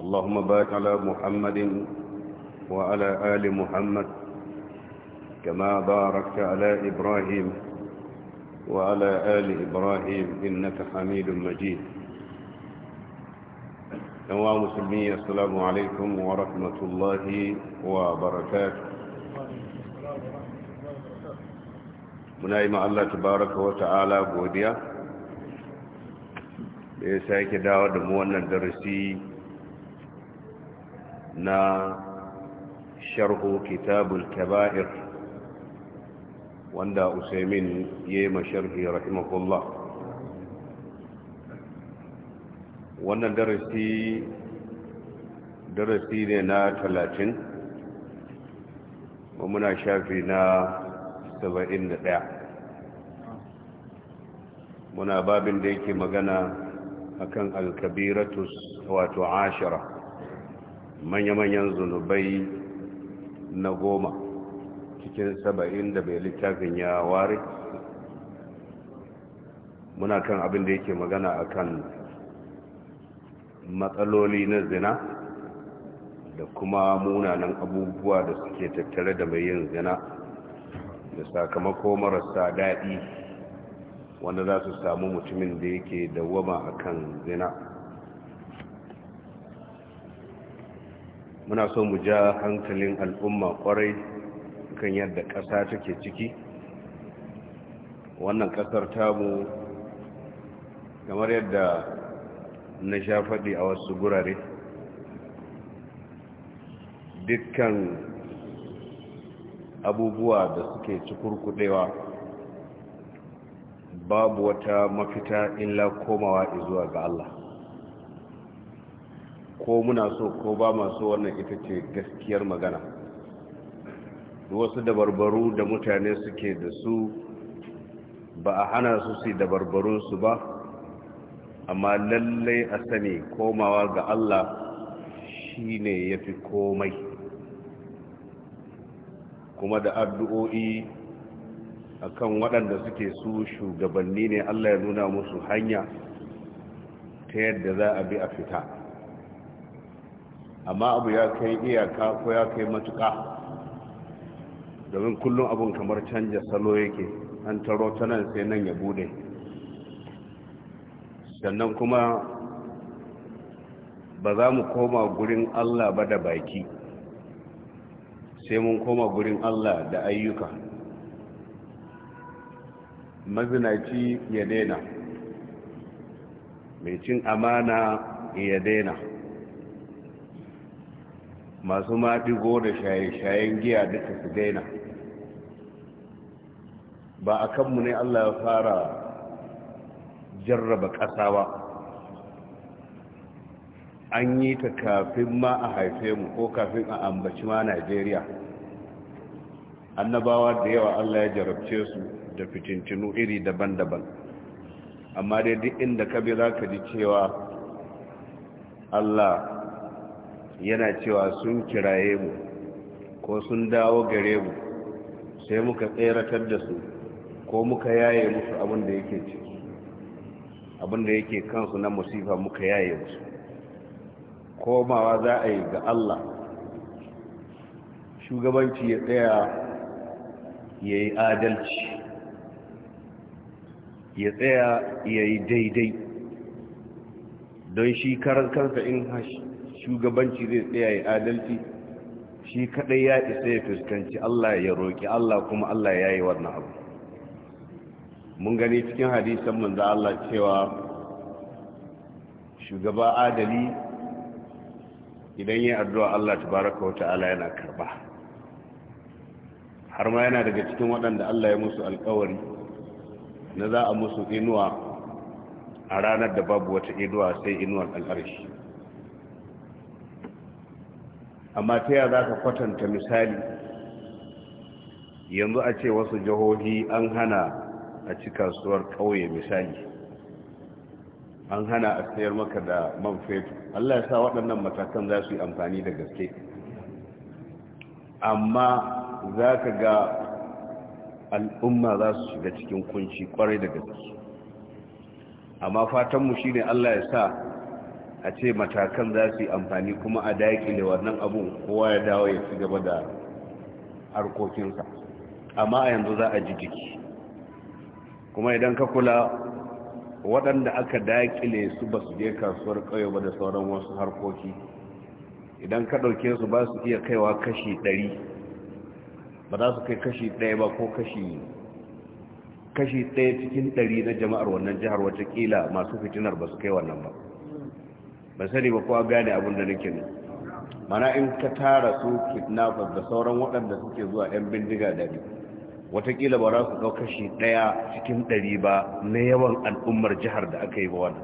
اللهم بارك على محمد وعلى آل محمد كما باركت على إبراهيم وعلى آل إبراهيم إنك حميد مجيد أنواع مسلمين السلام عليكم ورحمة الله وبركاته منايم الله تبارك وتعالى بوديا بيساك دعوة sake درسي da mu na sharhu kitabul kaba'ir wanda usaimin ya yi sharhi rahimahullah wannan darasi darasi ne na talatin ba muna shafi na saba'in da ɗaya muna babin da yake magana akan alkabiratus wato ashira manya-manyan zunubai na goma cikin saba'in da bai littafin ya ware muna kan abin da yake magana akan matsaloli na zina da kuma munanan abubuwa da suke tattare da mai yin zina da sakamako marasa daɗi wanda za su samu mutumin da yake dawama akan zina muna so mu ja hankalin al'umma kwarai kan yadda ƙasa take ciki wannan ƙasar ta mu kamar yadda na sha faɗi a wasu gurare dukkan abubuwa da suke cikurkudewa babu wata mafita illa komawa zuwa ga Allah ko muna so ko ba masu wannan ita ce gaskiyar magana wasu dabarbaru da mutane suke da su ba a hana su su su ba amma lallai a sani komawa ga Allah shi ne ya fi komai kuma da addu'o'i a kan waɗanda suke su shugabanni ne Allah ya nuna musu hanya ta yadda za a bi a fita amma abu ya kai iyaka ko ya kai matuka domin kullum abun kamar canja salo yake an taro ta nan sai nan ya bude sannan kuma ba za mu koma gurin allah ba da baki sai mun koma gurin allah da ayyuka mazinaci ya daina mai cin amana ya daina masu maɗigo da shaye-shayen giya duka su daina ba a kanmu ne allah ya fara jarraba ƙasa ba an yi ta kafin ma a haife mu ko kafin a ambaci ma najeriya annabawa da yawa allah ya jarabce su da fitintinu iri daban-daban amma dai duk inda ka bi za ka ji cewa allah yana cewa sun kiraye mu ko sun dawo gare mu sai muka tseratar da su ko muka yaye musu abin da yake ce abin yake kansu na musifa muka yaye musu komawa za a yi ga Allah shugabanci ya tsaya ya yi adalci ya tsaya ya yi daidai don shi karar kansa in shugabanci zai tsaya ya adalci shi kadai ya isa ya fuskanci Allah ya roƙi Allah kuma Allah ya yi wannan abu mun gani cikin hadisan manzo Allah cewa shugaba adali idan ya addu'a Allah tabaraka wa ta'ala yana karba har ma yana daga cikin waɗanda Allah ya musu alƙawari na za a musu inuwa a ranar da babu wata inuwa sai inuwar al'arshi amma ta yaya za ka kwatanta misali yanzu a ce wasu jihohi an hana a ci kasuwar ƙauye misali an hana a sayar maka da man fetur allah ya sa waɗannan matakan za su yi amfani da gaske amma za ka ga al'umma za su shiga cikin kunci kwarai da gaske amma fatanmu shi ne allah ya sa a ce matakan za su yi amfani kuma a daƙile wannan abun kowa ya dawo ya ci gaba da harkokinsa amma a yanzu za a ji jiki kuma idan ka kula waɗanda aka daƙile su ba su je kasuwar ƙauye ba da sauran wasu harkoki idan ka ɗauke su ba su iya kaiwa kashi ɗari ba za su kai kashi ɗaya ba ko kashi kashi ɗaya cikin ɗari na jama'ar wannan jihar wata watakila masu fitinar ba su kai wannan ba ba sani ba kowa gane abin da nake ne mana in ka tara su kidnappers da sauran waɗanda suke zuwa 'yan bindiga da watakila ba za su ɗau kashi ɗaya cikin ɗari ba na yawan al'ummar jihar da aka yi ba wani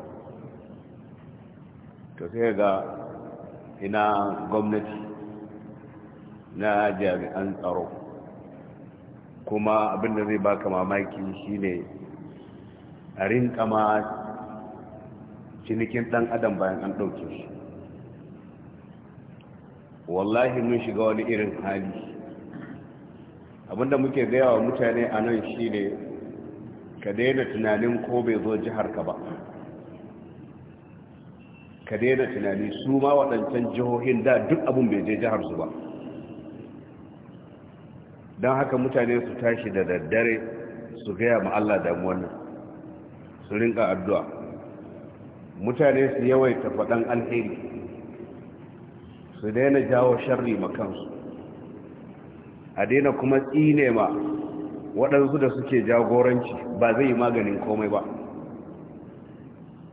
to sai ga ina gwamnati na jami'an tsaro kuma abin da zai baka mamaki shine a rinka ma cinikin ɗan adam bayan an ɗauke shi wallahi mun shiga wani irin hali abinda muke gaya wa mutane a nan shi ne ka daina tunanin ko bai zo jihar ka ba ka daina tunani su ma waɗancan jihohin da duk abin bai je jihar su ba don haka mutane su tashi da daddare su gaya ma Allah damuwan nan su rinka addu'a mutane su yawaita faɗan alheri su daina jawo sharri makansu a daina kuma tsine ma waɗansu da suke jagoranci ba zai yi maganin komai ba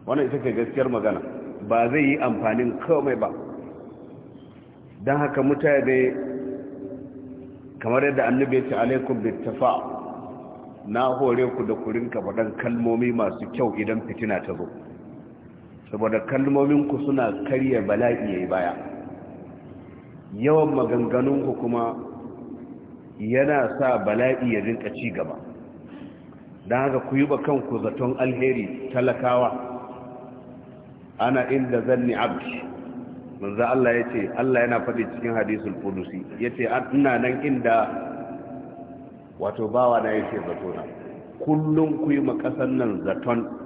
wannan ita ke gaskiyar magana ba zai yi amfanin komai ba don haka mutane kamar yadda annabi ce alaikum bittafa na hore ku da kurinka faɗan kalmomi masu kyau idan fitina ta zo saboda kalmominku suna karya bala'i ya baya yawan maganganunku kuma yana sa bala'i ya rinka ci gaba don haka ku yi kanku zaton alheri talakawa ana inda zanni abdi manzo Allah ya ce Allah yana faɗi cikin hadisul qudusi ya ce ina nan inda wato bawa na yake zato na kullum ku yi makasan nan zaton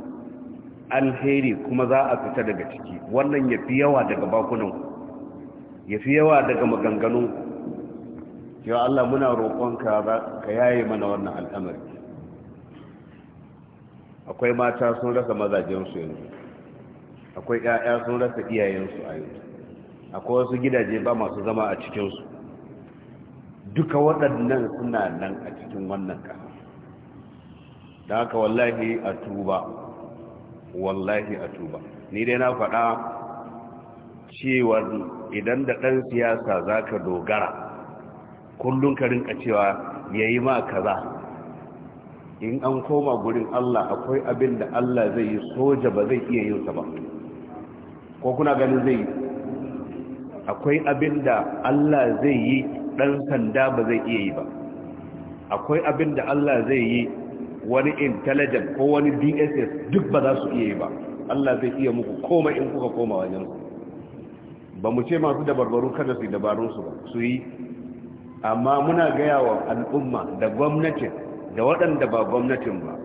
alheri kuma za a fita daga ciki wannan ya fi yawa daga bakunan ya fi yawa daga maganganun ya Allah muna roƙonka ka yaye mana wannan al'amari akwai mata sun rasa mazajensu yanzu akwai 'ya'ya sun rasa iyayensu a yanzu akwai wasu gidaje ba masu zama a cikinsu duka waɗannan suna nan a cikin wannan ƙasa da haka wallahi a tuba wallahi a tuba ni dai na faɗa cewa idan da ɗan siyasa za ka dogara kullum ka rinka cewa ya yi ma kaza in an koma gurin Allah akwai abin da Allah zai yi soja ba zai iya yinsa ba ko kuna ganin zai yi akwai abin da Allah zai yi ɗan sanda ba zai iya yi ba akwai abin da Allah zai yi wani intelligent ko wani dss duk ba za su iya yi ba allah zai iya muku koma in kuka koma wajen su ba mu ce masu dabarbaru kada su yi su ba su yi amma muna gaya wa al'umma da gwamnatin da waɗanda ba gwamnatin ba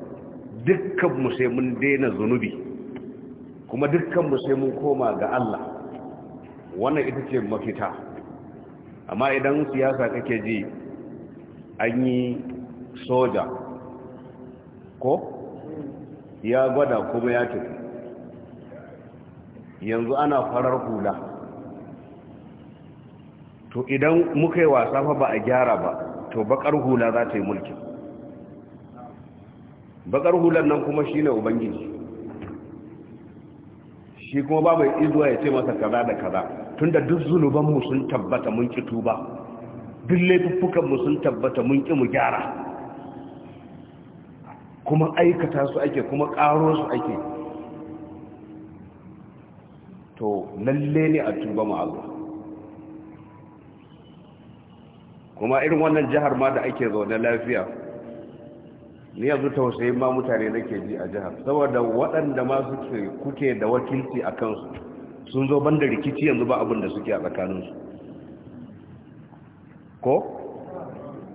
dukkan mu sai mun daina zunubi kuma dukkan mu sai mun koma ga allah wannan ita ce mafita amma idan siyasa kake ji an yi soja ko ya gwada kuma ya tafi yanzu ana farar hula to idan muka yi wasa fa ba a gyara ba to bakar hula za ta yi mulki. bakar hular nan kuma shi ne ubangiji shi kuma ba mai izuwa ya ce masa kaza da kaza tunda duk zunubanmu sun tabbata mun ki tuba duk laifuffukanmu sun tabbata mun ki mu gyara kuma aikata su ake kuma karo su ake to lalle ne a tuba Allah kuma irin wannan jihar ma da ake zaune lafiya ni yanzu tausayin ma mutane nake ji a jihar saboda waɗanda ma suke kuke da wakilci a kansu sun zo banda rikici yanzu ba abin suke a tsakaninsu ko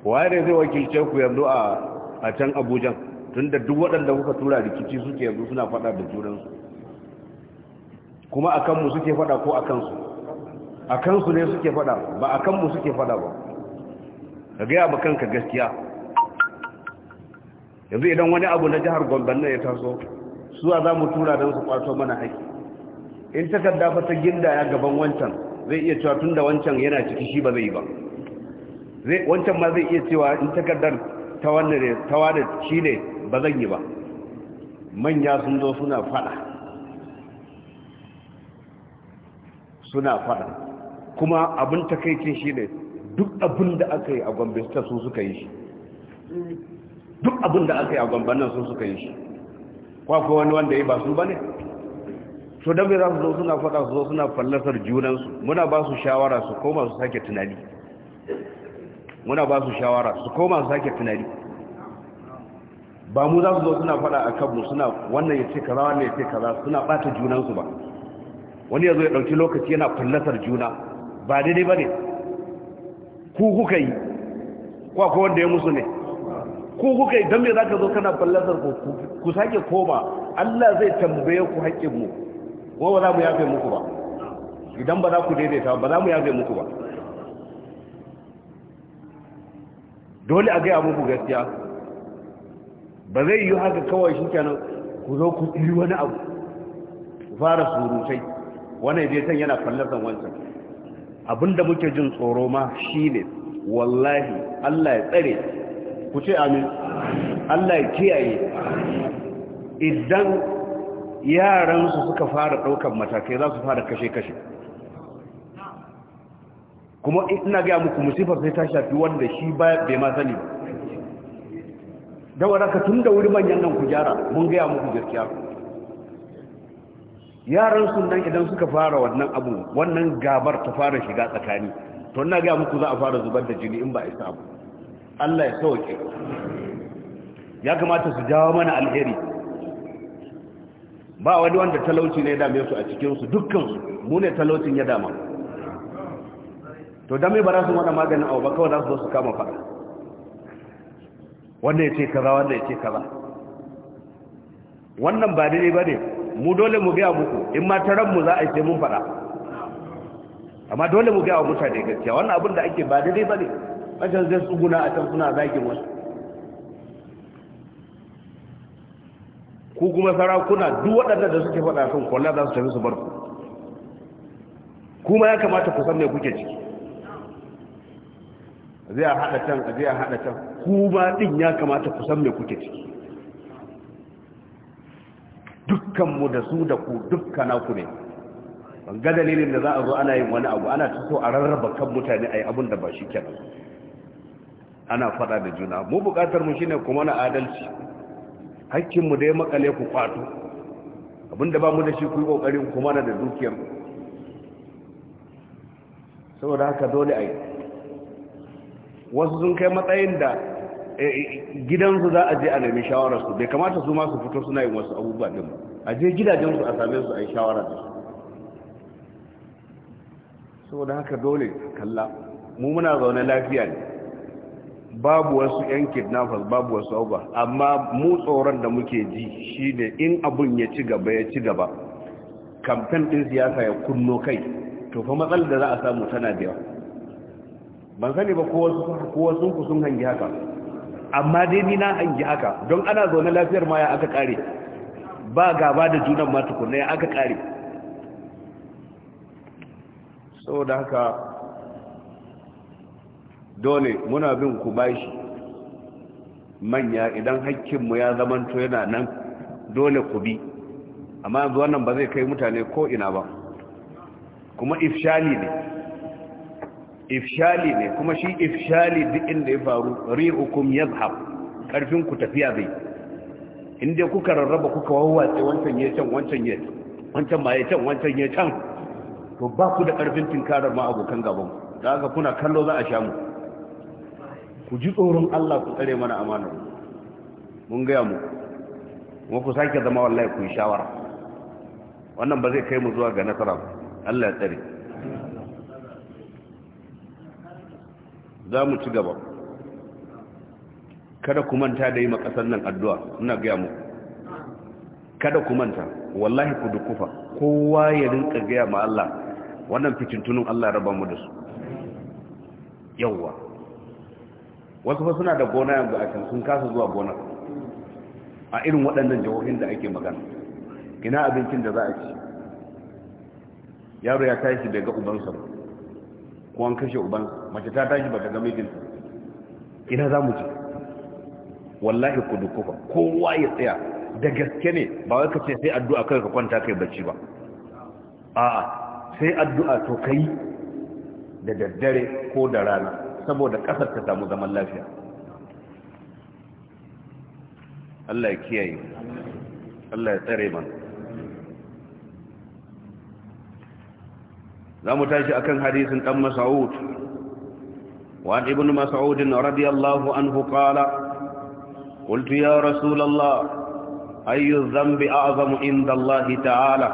waye ne zai wakilce ku yanzu a can abujan tunda duk waɗanda kuka tura rikici suke yanzu suna faɗa da junansu kuma a kanmu suke faɗa ko a kansu a kansu ne suke faɗa ba a kanmu suke faɗa ba ka gaya ba kanka gaskiya yanzu idan wani abu na jihar gomban ya taso suwa za mu tura don su kwato mana haƙi in takarda fata ginda ya gaban wancan zai iya cewa tun da wancan yana ciki shi ba zai ba wancan ma zai iya cewa in takardar ta wannan ne shi ne ba zan yi ba manya sun zo suna fada suna fada kuma abin takaicin shi ne duk abin da aka yi a gombe ta sun suka yi shi duk abin da aka yi a gombe nan sun suka yi shi kwakwa wani wanda ya ba su ba ne su don za su zo suna fada su zo suna fallasar junansu muna ba su shawara su koma su sake tunani muna ba su shawara su koma su sake tunani ba mu za su zo suna fada a kanmu suna wannan ya ce kaza wannan ya ce kaza suna bata junansu ba wani ya zo ya ɗauki lokaci yana fallasar juna ba daidai ba ne ku kuka yi kwa ko wanda ya musu ne ku kuka yi don me za ka zo kana fallasar ku ku sake koma allah zai tambaye ku haƙƙin mu ko ba za mu yafe muku ba idan ba za ku daidaita ba za mu yafe muku ba dole a gaya muku gaskiya ba zai yi haka kawai shi kenan ku zo ku yi wani abu fara surutai Wani zai san yana fallasan wancan abinda muke jin tsoro ma ne. wallahi Allah ya tsare ku ce amin Allah ya kiyaye idan yaran su suka fara daukan matakai za su fara kashe kashe kuma ina ga muku musifa sai ta shafi wanda shi bai ma sani ba da waraka tun da wuri manyan nan ku gyara mun gaya muku gaskiya yaran sun nan idan suka fara wannan abu wannan gabar ta fara shiga tsakani to ina gaya muku za a fara zubar da jini in ba a isa abu Allah ya sauke ya kamata su jawo mana alheri ba wani wanda talauci ne ya dame su a cikinsu dukkansu mu ne talaucin ya dama to dame ba za su maganin abu ba kawai za su zo su kama faɗa wanda ya ce kaza wanda ya ce kaza wannan ba daidai ba ne mu dole mu gaya muku in ma ta ranmu za a yi sai mun faɗa amma dole mu gaya wa mutane gaskiya wannan abin da ake ba daidai ba ne wajen zai tsuguna a can suna zagin wasu ku kuma sarakuna duk waɗanda da suke faɗa sun kwallon za su tafi su bar ku kuma ya kamata ku san me kuke ciki zai a haɗa can a zai a haɗa can ku ba ɗin ya kamata ku san mai kuke ciki dukkanmu da su da ku dukkana ku ne ban ga dalilin da za a zo ana yin wani abu ana ta so a rarraba kan mutane a yi abin da ba shi kenan ana faɗa da juna mu buƙatar mu shine kuma na adalci hakkinmu da ya makale ku kwato abinda ba mu da shi ku yi ƙoƙarin kuma na da dukiyar saboda haka dole a yi wasu sun kai matsayin da e, e, gidansu za a je a nemi shawararsu bai kamata su masu fito suna yin wasu abubuwa din a je gidajensu a same su a yi shawarar. da su saboda haka dole kalla mu muna zaune lafiya ne babu wasu yan kidnappers babu wasu abubuwa amma mu tsoron da muke ji shine in abun ya ci gaba ya ci gaba kamfen ɗin siyasa ya kunno kai to fa matsalar da za a samu tana da yawa ban sani ba kowa sun ku sun hangi haka amma dai ni na hangi haka don ana zaune lafiyar ma ya aka kare ba gaba da junan ma tukunna ya aka kare saboda haka dole muna bin ku bashi manya idan mu ya zamanto yana nan dole ku bi amma yanzu wannan ba zai kai mutane ko ina ba kuma ifshani ne ifshali ne kuma shi ifshali duk inda ya faru ri'ukum yazhab karfin ku tafiya zai inda kuka rarraba kuka wawwace wancan ya can wancan ya wancan ma ya can wancan ya can to ba ku da karfin tinkarar ma abokan gaban da aka kuna kallo za a sha mu ku ji tsoron Allah ku tsare mana amanar mun gaya mu kuma ku sake zama wallahi ku yi shawara wannan ba zai kai mu zuwa ga nasara Allah ya tsare za mu ci gaba kada ku manta da yi makasar nan addu'a ina gaya mu. kada ku manta wallahi ku dukufa kowa ya rinka gaya ma Allah wannan tunin Allah raba mu da su yawwa wasu fa suna da gona yanzu a can sun kasa zuwa gona a irin waɗannan jihohin da ake magana ina abincin da za a ci yaro ya tashi daga ubansa ba ko an kashe uban mace ta tashi ba baka ga mijin ina za mu je wallahi ku kuka, kowa ya tsaya da gaske ne ba wai ka ce sai addu'a kai ka kwanta kai bacci ba 'a sai addu'a to kai da daddare ko da rana saboda kasar ta samu zaman lafiya Allah ya kiyaye Allah ya tsare mana زمو تاشي أكن حديث أم سعود وعن ابن مسعود رضي الله عنه قال قلت يا رسول الله أي الذنب أعظم عند الله تعالى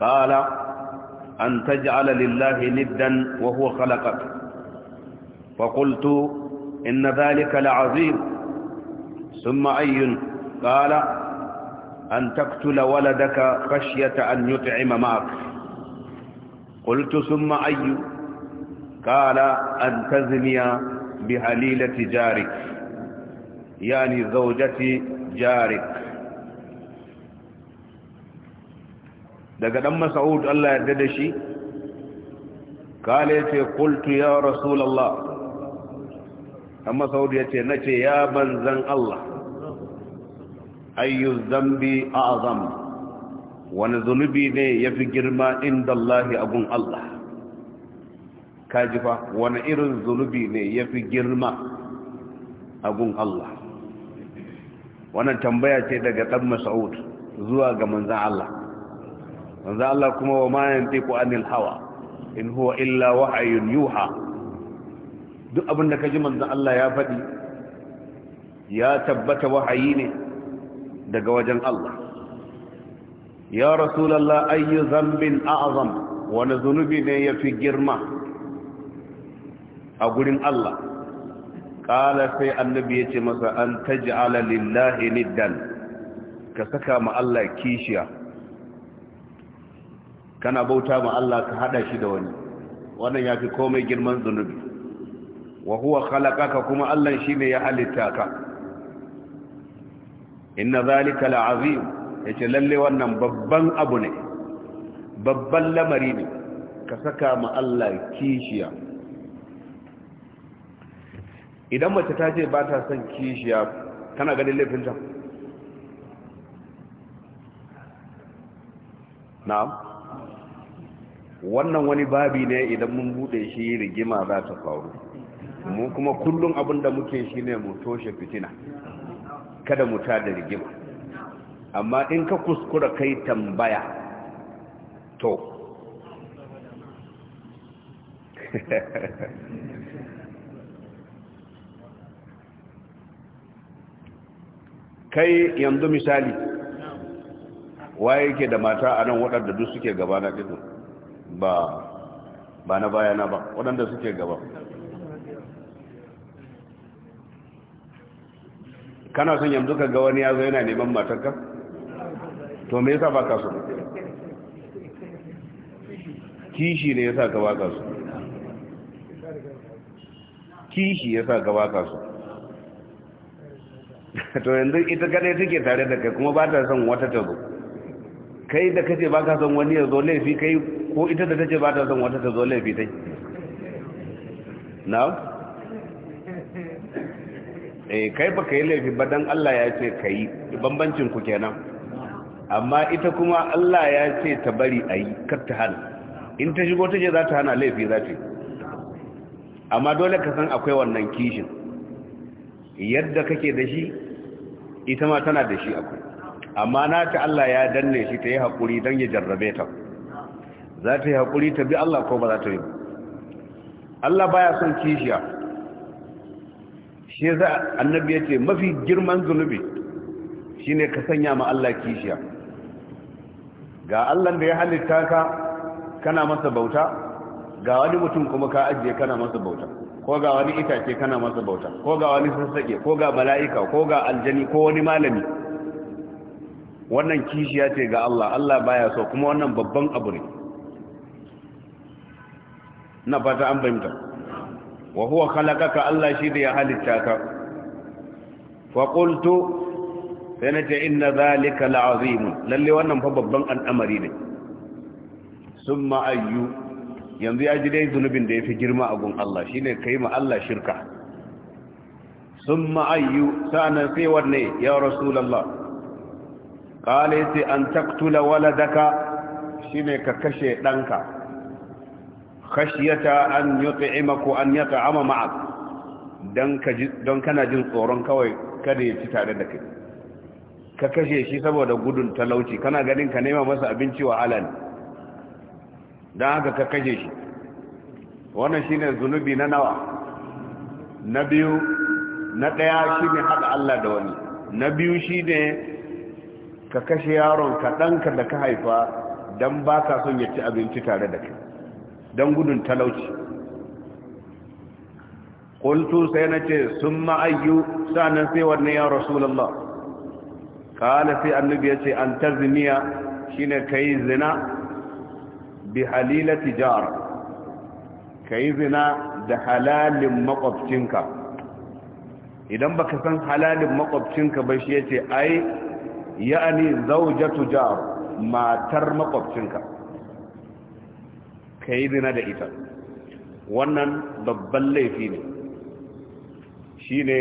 قال أن تجعل لله ندا وهو خلقك فقلت إن ذلك لعظيم ثم أي قال أن تقتل ولدك خشية أن يطعم معك qultu summa ayyu qala an tazniya bi halilati jarik yani zawjati daga ɗan mas'ud Allah ya yarda da shi kale yace qultu ya rasulullah amma saud yace nace ya banzan Allah ayyu dhanbi a'zam wani zunubi ne ya fi girma inda Allah abun Allah kaji wani irin zunubi ne ya fi girma abun Allah wannan tambaya ce daga ɗan Mas'ud zuwa ga manzan Allah manzan Allah kuma wa mayan teku anil hawa in huwa illa wahayun yuha duk abin da ji manzan Allah ya faɗi ya tabbata wahayi ne daga wajen Allah ya rasulallah ayyu zambin a'azam wani zunubi ne ya fi girma a gurin Allah ƙala sai annabi ya ce masa an taji ala lillahi niddan ka saka ma Allah kishiya kana bauta ma Allah ka hada shi da wani wannan ya fi komai girman zunubi wa huwa khalaqaka kuma Allah shine ya halitta ka inna zalika la'azim ya ce lalle wannan babban abu ne babban lamari ne ka saka ma Allah kishiya idan mace ta ce ba ta son kishiya tana ganin laifinta na wannan wani babi ne idan mun bude shi rigima za ta faru mu kuma kullum abinda muke shi ne mu toshe fitina kada mu ta da rigima amma in ka kuskura kai tambaya to kai yanzu misali waye yake da mata a nan waɗanda duk suke gaba na ɗin ba ba na bayana ba waɗanda suke gaba kana son yanzu ka ga wani ya zo yana neman matarka? to me yasa baka so kishi ne yasa ka baka so kishi yasa ka baka so to yanzu ita kadai take tare da kai kuma ba ta son wata tazo. kai da kace baka son wani ya zo laifi kai ko ita da take ba ta son wata ta zo laifi tai na'am eh kai ba kai laifi ba dan Allah ya ce kai bambancin ku kenan amma ita kuma Allah ya ce ta bari a yi ta hana in ta shigo ta ce za ta hana laifi za ta yi amma dole ka san akwai wannan kishin yadda kake da shi ita ma tana da shi akwai amma na ta Allah ya danne shi ta yi haƙuri don ya jarrabe ta za ta yi haƙuri ta bi Allah ko ba za ta yi ba Allah baya son kishiya shi za annabi ya ce mafi girman zunubi Shi ne ka sanya ma Allah kishiya ga allan da ya halitta ka kana masa bauta ga wani mutum kuma ka ajiye kana masa bauta ko ga wani itace kana masa bauta ko ga wani sassaƙe ko ga mala'ika ko ga aljani ko wani malami wannan kishiya ce ga Allah Allah baya so kuma wannan babban abu ne na fata an bayyana wa huwa khalaqaka Allah shi da ya halitta ka fa qultu sai na ce inna zalika la'azim lalle wannan fa babban al'amari ne summa ayyu yanzu ya ji dai zunubin da ya fi girma a gun Allah shine kai ma Allah shirka summa ayyu sana tsewar ne ya rasulullah qala sai an taqtula waladaka shine ka kashe danka khashyata an yi yut'imaku an yat'ama ma'ak dan ka don kana jin tsoron kawai kada ya ci tare da kai ka kashe shi saboda gudun talauci kana ganin ka nema masa abinci wa alal don haka ka kashe shi wannan shi ne zunubi na nawa na biyu na ɗaya shi ne Allah da wani na biyu shine ne ka kashe yaron ka ɗanka da ka haifa don ba ka son ya ci abinci tare da kai don gudun talauci ƙultu sai na ce sun ma'ayyu sa'anan sai wannan ya rasulallah kala sai annabi ya ce an ne shine kai zina bi halilati ka yi zina da halalin makwabcinka idan baka san halalin makwabcinka ba shi yace ai ya'ani zauja jar matar makwabcinka yi zina da ita wannan babban laifi ne shine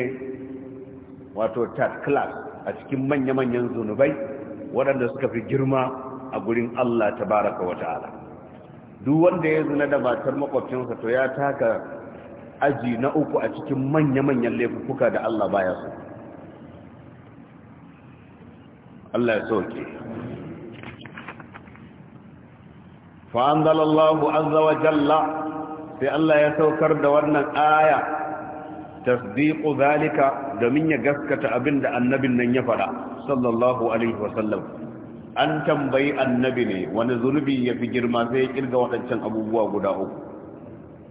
wato third class a cikin manya-manyan zunubai waɗanda suka fi girma a gurin Allah ta wa ta'ala duk wanda ya zina da matar makwabcinsa to ya taka aji na uku a cikin manya-manyan laifuka da Allah baya su Allah ya soke zalallahu an zawa jalla sai Allah ya saukar da wannan aya tasdiqu zalika domin ya gaskata abin da annabin nan ya fada sallallahu alaihi wasallam an tambayi annabi ne wani zunubi ya fi girma sai ya kirga waɗancan abubuwa guda uku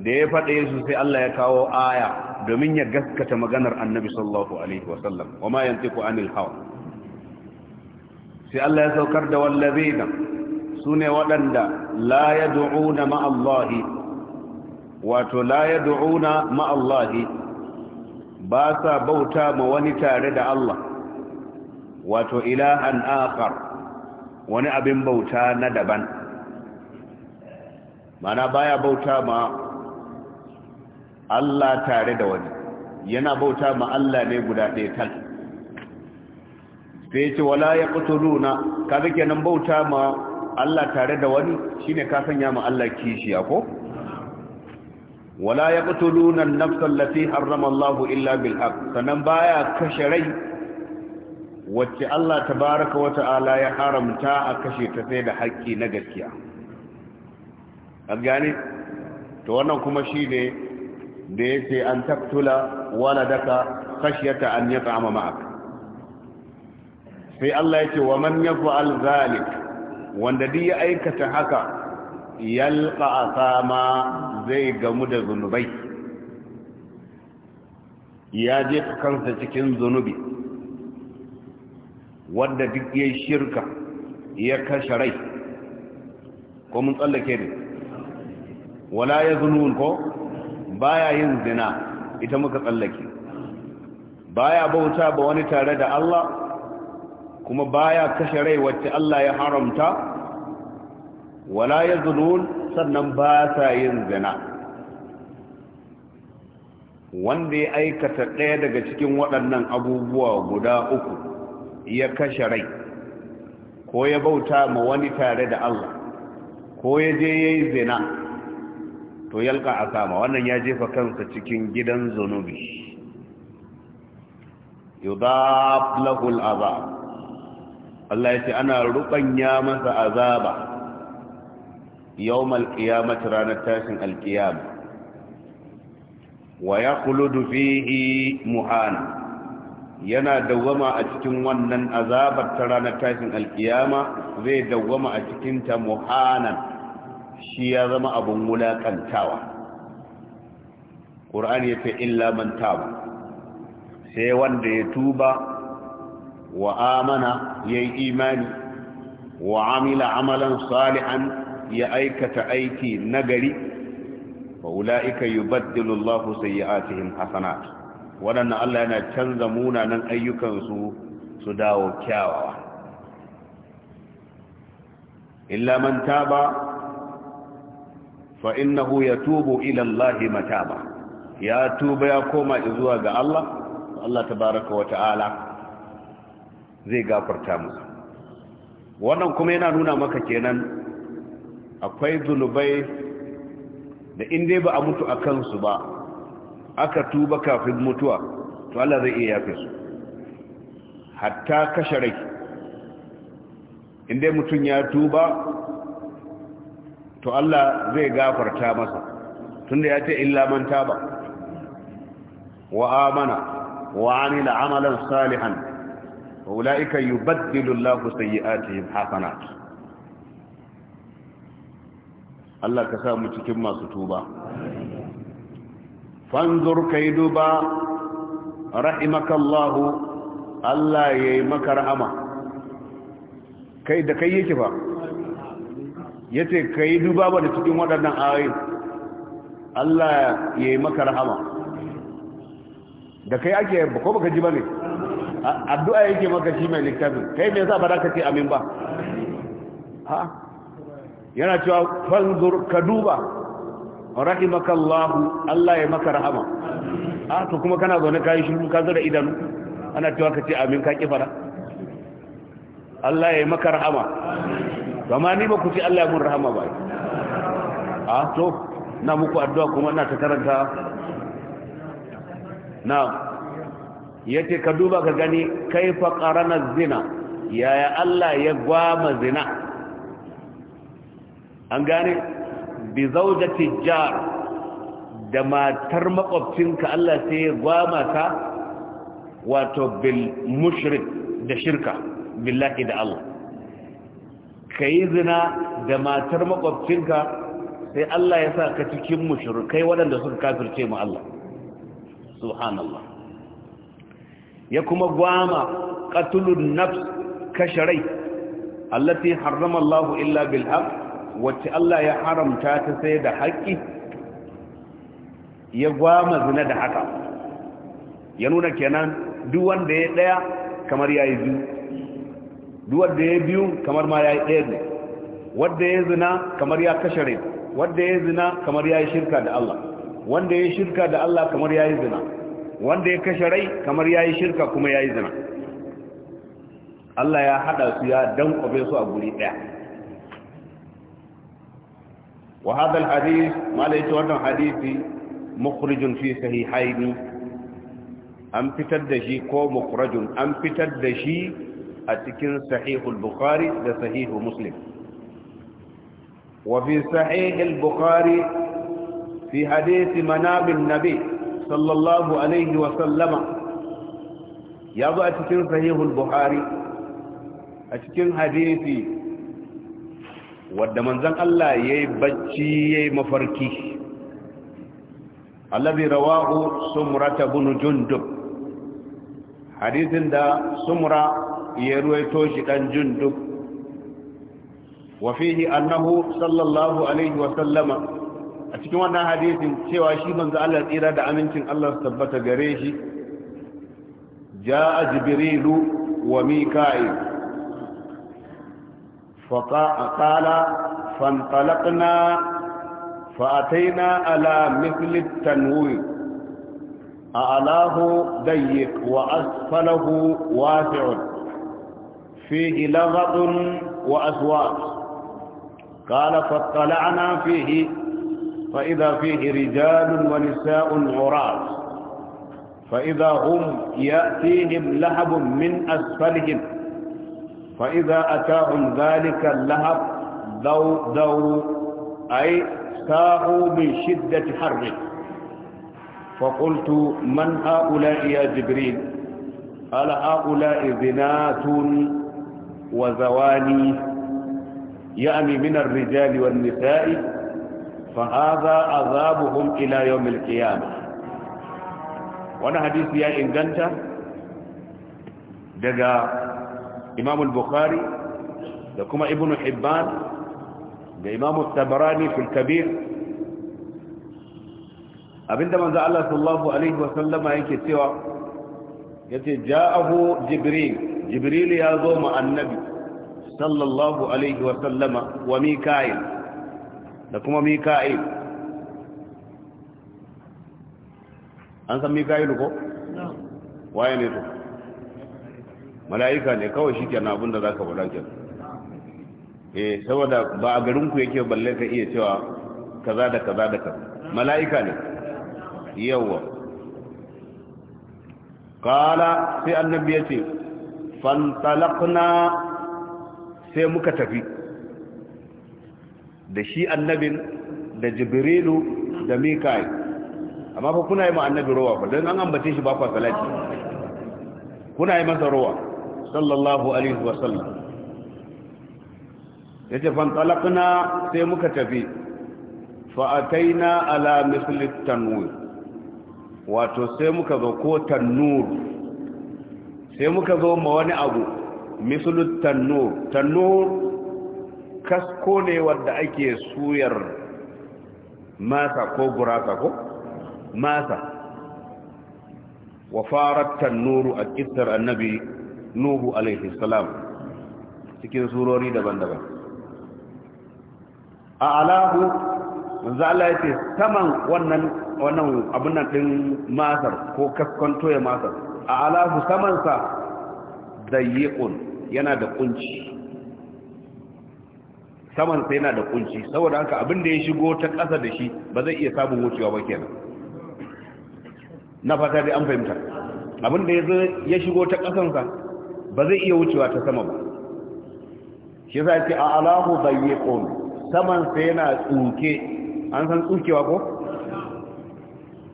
da ya faɗe su sai Allah ya kawo aya domin ya gaskata maganar annabi sallallahu alaihi wasallam wa ma yantiqu anil hawa sai Allah ya saukar da wallazina sune waɗanda la yad'una ma Allahi wato la yad'una ma Allahi ba sa bauta ma wani tare da Allah wato ilahan akhar wani abin bauta na daban mana baya bauta ma Allah tare da wani yana bauta ma Allah ne guda ɗaya tal sai ce wala ya ƙutuluna ka zake nan bauta ma Allah tare da wani shine ka sanya ma Allah kishiya ko wala yaqtuluna an-nafs allati harrama Allah illa bil haqq baya kashe rai wacce Allah Ta baraka wa ta'ala ya haramta a kashe ta sai haƙƙi na gaskiya an gane to wannan kuma shine da yace an taktula waladaka khashyata an yata'ama ma'aka sai Allah ya ce wa man yaf'al zalik wanda duk ya aikata haka yalqa asama zai gamu da zunubai ya jefa kansa cikin zunubi wadda duk ya shirka ya kashe rai ko mun tsallake ne wala ya zunun ko baya yin zina ita muka tsallake baya bauta ba wani tare da Allah kuma baya kashe rai wacce Allah ya haramta wala ya zunun sannan ba sa yin zina wanda ya aikata ɗaya daga cikin waɗannan abubuwa guda uku ya kashe rai ko ya bauta ma wani tare da Allah ko ya je ya yi zina to yalka a sama wannan ya jefa kansa cikin gidan zunubi yudaf lahul azab Allah ya ce ana ruɓanya masa azaba yawmal qiyamati ranar tashin alqiyam wa yaquludu fihi yana dawwama a cikin wannan azabar ta ranar tashin alkiyama zai dawwama a cikin ta muhanan shi ya zama abun wulakantawa ƙur'ani ya ce illa man sai wanda ya tuba wa amana ya yi imani wa amila amalan salihan ya aikata aiki nagari fa ula'ika yubaddilu Allahu sayyi'atihim hasanat wadannan Allah yana canza munanan ayyukansu su dawo kyawawa illa man fa'innahu ya tubo ilan ila mata ba. ya tuba ya koma zuwa ga Allah Allah tabaraka wa ta'ala zai gafarta musu wannan kuma yana nuna maka kenan akwai zunubai da inda ba a mutu a kansu ba aka tuba kafin mutuwa to Allah zai iya yafe su hatta kashe rai inda mutum ya tuba to Allah zai gafarta masa tunda ya ce illa man taba wa amana wa amila amalan salihan wa ulaika yubaddilu Allahu sayyi'atihim hasanat Allah ka sa mu cikin masu tuba fanzur kai duba rahimakallahu Allah yayi maka rahama kai da kai yake ba yace kai duba ba da cikin waɗannan ayoyi Allah yayi maka rahama da kai ake ko baka ji bane addu'a yake maka shi mai littafin kai me yasa ba za ka ce amin ba ha yana cewa fanzur ka duba rahimakallahu Allah ya maka rahama a ah, to kuma kana zaune kai shiru ka zura idanu ana cewa ka ce amin ka kifara Allah ya maka rahama amma ni ba ku ce Allah ya mun rahama ba a ah, to na muku addu'a kuma ina ta karanta na yace ka duba ka gani kaifa qarana zina yaya Allah ya gwama zina an gane bi zaujati jar da matar makwabcinka Allah sai ya gwama ka wato bil mushrik da shirka billahi da Allah kai zina da matar makwabcinka sai Allah ya sa ka cikin mushrikai waɗanda suka kafirce mu Allah subhanallah ya kuma gwama qatlun nafs kasharai allati harrama Allah illa bil haqq wacce Allah ya haramta ta sai da haƙƙi ya gwama zina da haka ya nuna kenan duk wanda ya ɗaya kamar ya yi biyu duk wanda ya biyu kamar ma ya yi ɗaya ne wanda ya zina kamar ya kashare wanda ya zina kamar ya yi shirka da Allah wanda ya shirka da Allah kamar ya yi zina wanda ya kashare kamar ya yi shirka kuma ya yi zina Allah ya haɗa su ya danƙwabe su a guri ɗaya wa hadha alhadith malai to wannan hadisi mukhrijun fi sahihaini an fitar da shi ko mukhrajun an fitar da shi a cikin sahihul bukhari da sahihu muslim wa fi sahihul bukhari fi hadisi manamin ya zo a cikin sahihul bukhari a cikin hadisi wadda manzan Allah ya yi bacci ya yi mafarki allazi rawahu ta bin jundub hadisin da sumra ya ruwaito shi dan jundub wa fihi annahu sallallahu alaihi wa sallama a cikin wannan hadisin cewa shi manzan Allah tsira da amincin Allah su tabbata gare shi ja'a jibrilu wa mika'il فقال فانطلقنا فأتينا على مثل التنوير أعلاه ضيق وأسفله واسع فيه لغط وأسواق قال فاطلعنا فيه فإذا فيه رجال ونساء عراة فإذا هم يأتيهم لهب من أسفلهم فإذا أتاهم ذلك اللهب ذو ذو أي ساغوا من شدة حره فقلت من هؤلاء يا جبريل قال هؤلاء ذنات وزواني يعني من الرجال والنساء فهذا عذابهم إلى يوم القيامة وانا حديث يا إنجنت دقاء امام البخاري لكما ابن حبان لامام التبراني في الكبير عندما زال الله صلى الله عليه وسلم هيك سوى جاءه جبريل جبريل يا ذوما النبي صلى الله عليه وسلم وميكائيل لكما ميكائيل أنسى ميكائيل هو نعم وين هو mala'ika ne kawai shi kenan abinda za ka faɗa kenan eh saboda ba a garin ku yake balle ka iya cewa kaza da kaza da kaza mala'ika ne yawwa kala sai annabi ya ce fantalakna sai muka tafi da shi annabin da jibrilu da mikai amma fa kuna yi ma annabi rawa fa don an ambace shi ba kwa salati kuna yi masa rawa sallallahu alaihi wasallam ya ce fantalakna sai muka tafi fa'ataina ala mislit tanwir wato sai muka zo ko tannur sai muka zo ma wani abu mislit tannur tannur kasko ne wadda ake suyar masa ko gurasa ko masa wa farar tannuru a kistar annabi nuhu alaihi salam cikin surori daban-daban a alahu manzo Allah ya saman wannan wannan abun nan din masar ko kaskon ya masar a alahu saman sa dayyiqun yana da kunci saman sa yana da kunci saboda haka abin da ya shigo ta ƙasa da shi ba zai iya samun wucewa ba kenan na fata dai an fahimta abin da ya shigo ta ƙasansa ba zai iya wucewa ta sama ba shi yasa ce a alahu dayyiqun saman sai yana tsuke an san tsukewa ko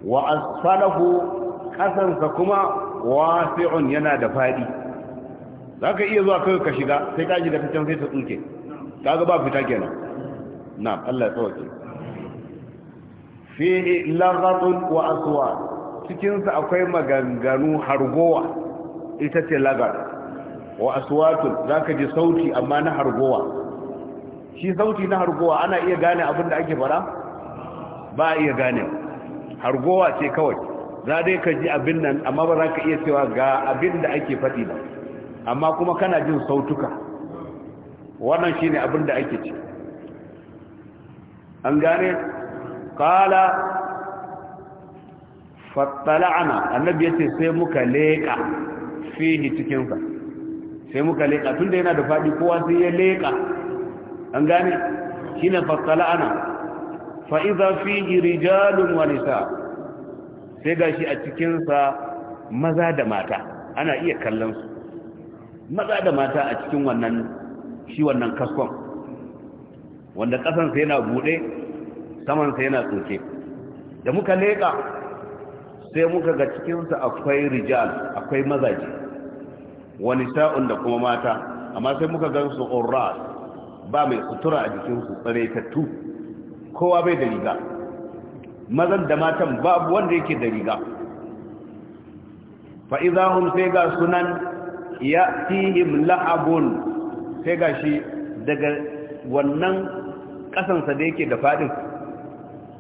wa asfalahu kasan sa kuma wasi'un yana da fadi zaka iya zuwa kai ka shiga sai ka ji da can sai ta tsuke kaga ba fita kenan na Allah ya tsawake fihi laghatun wa aswat cikin sa akwai maganganu hargowa ita ce lagar wa aswatun zaka ji sauti amma na hargowa shi sauti na hargowa ana iya gane abin da ake fara ba a iya gane hargowa ce kawai za dai ka ji abin nan amma ba za ka iya cewa ga abin da ake faɗi ba amma kuma kana jin sautuka wannan shine abin da ake ci an gane kala fattala'ana annabi yace sai muka leka fihi cikin sa sai muka leƙa da yana da faɗi kowa sai ya leƙa an gane shine fassala ana Fa'iza fi yi rijalun wa Sai sai shi a cikinsa maza da mata ana iya kallon su maza da mata a cikin wannan shi wannan kaskon wanda kasan yana buɗe, saman yana tsoke da muka leƙa sai muka ga cikinsa akwai rijal akwai mazaje Wani nisa'un da kuma mata amma sai muka gan su ƙorra ba mai sutura a jikin su tsaraitattu kowa bai da riga mazan da matan babu wanda yake da riga Fa'izahun sai ga sunan ya'tihim la'abun sai ga shi daga wannan ƙasansa da yake da faɗin.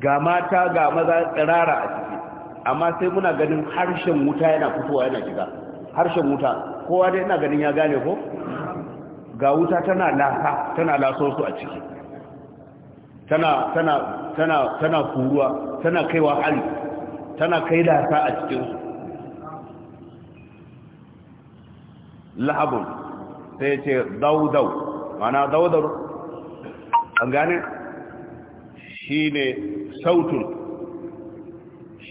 ga mata ga maza tsirara a ciki amma sai muna ganin harshen wuta yana fitowa yana shiga harshen wuta kowa dai ina ganin ya gane ko ga wuta tana lasa tana laso su a ciki tana tana tana tana kuruwa tana kaiwa hali tana kai lasa a cikin su lahabun sai ce daudau mana daudau an gane shi ne sautun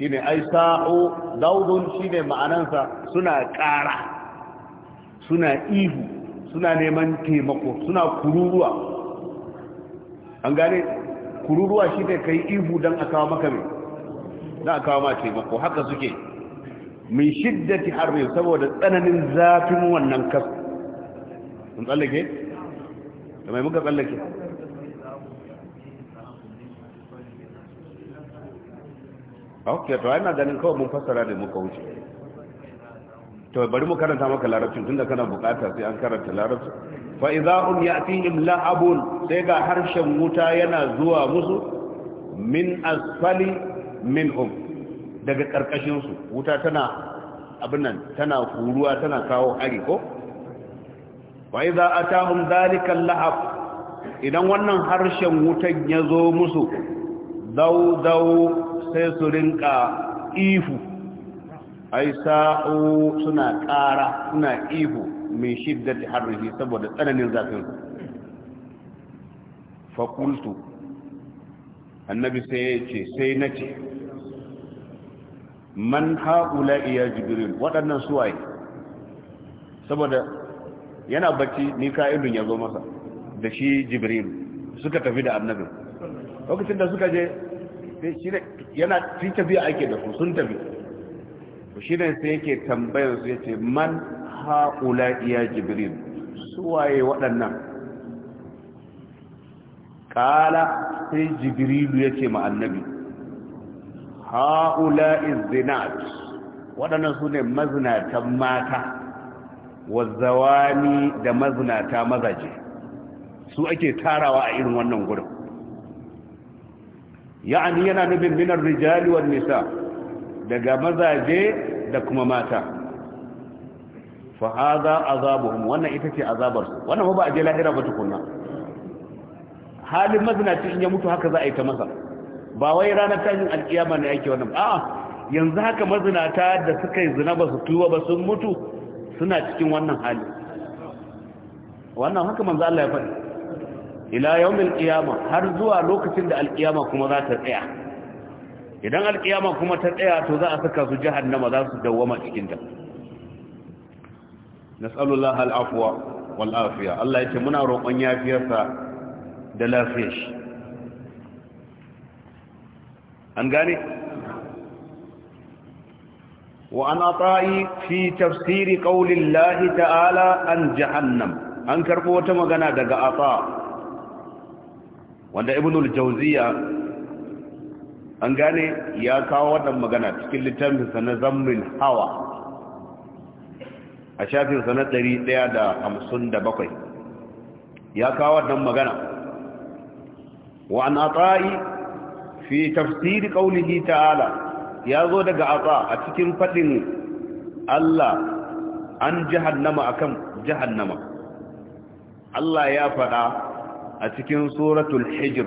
ne ai sa'o daudun ne ma'anansa suna ƙara suna ihu suna neman taimako suna kururuwa an gane kururuwa ne kai ihu don a kawo maka mai dan a kawo ma taimako haka suke min shiddati harri saboda tsananin zafin wannan kasu mun tsallake da mai muka tsallake ok to na ganin kawai mun fassara da muka wuce to bari mu karanta maka larabcin tunda kana bukata sai an karanta larabcin fa idza hum ya'tihim la'abun sai ga harshen wuta yana zuwa musu min asfali minhum daga karkashin su wuta tana abin nan tana kuruwa tana kawo hari ko fa idza atahum dhalika la'ab idan wannan harshen wutan ya zo musu dau dau sai su rinka ihu ai sa'o suna ƙara suna ihu min shiddati harrihi saboda tsananin zafin fakultu annabi sai ya ce sai na ce man haƙula iya jibirin waɗannan suwaye saboda yana bacci ni ka'idun ya zo masa da shi jibirin suka tafi da Annabi. lokacin da suka je sai shi ne yana sun tafiya ake da su sun tafi to shi ne sai yake tambayar su yace man haula iya jibril su waye waɗannan kala sai jibrilu ce ma annabi haula izinat waɗannan su ne mazinatan mata wazzawani da mazinata mazaje su ake tarawa a irin wannan gurin ya'ani yana nufin minar rijali wan nisa daga mazaje da kuma mata fa hada azabuhum wannan ita ce azabar su wannan ba a je lahira ba tukunna halin mazinaci in ya mutu haka za a yi ta masa ba wai ranar tashin alkiyama ne yake wannan a'a yanzu haka mazinata da suka yi zina ba su tuwa ba sun mutu suna cikin wannan hali wannan haka manzo Allah ya faɗi ila yawmil qiyama har zuwa lokacin da alqiyama kuma za ta tsaya idan alqiyama kuma ta tsaya to za a saka su jahannama za su dawwama cikin ta nas'alullaha al'afwa wal afiya Allah yace muna roƙon yafiyarsa da lafiyar shi an gane wa an ata'i fi tafsiri qaulillahi ta'ala an jahannam an karbo wata magana daga ata' wanda ibnul jauziya an gane ya kawo wannan magana cikin littafinsa na zammin hawa a shafinsa na ɗari ɗaya da da bakwai ya kawo wannan magana wa an ata'i fi tafsiri qaulihi ta'ala ya zo daga ata a cikin faɗin Allah an jahannama akan jahannama Allah ya faɗa a cikin suratul hijr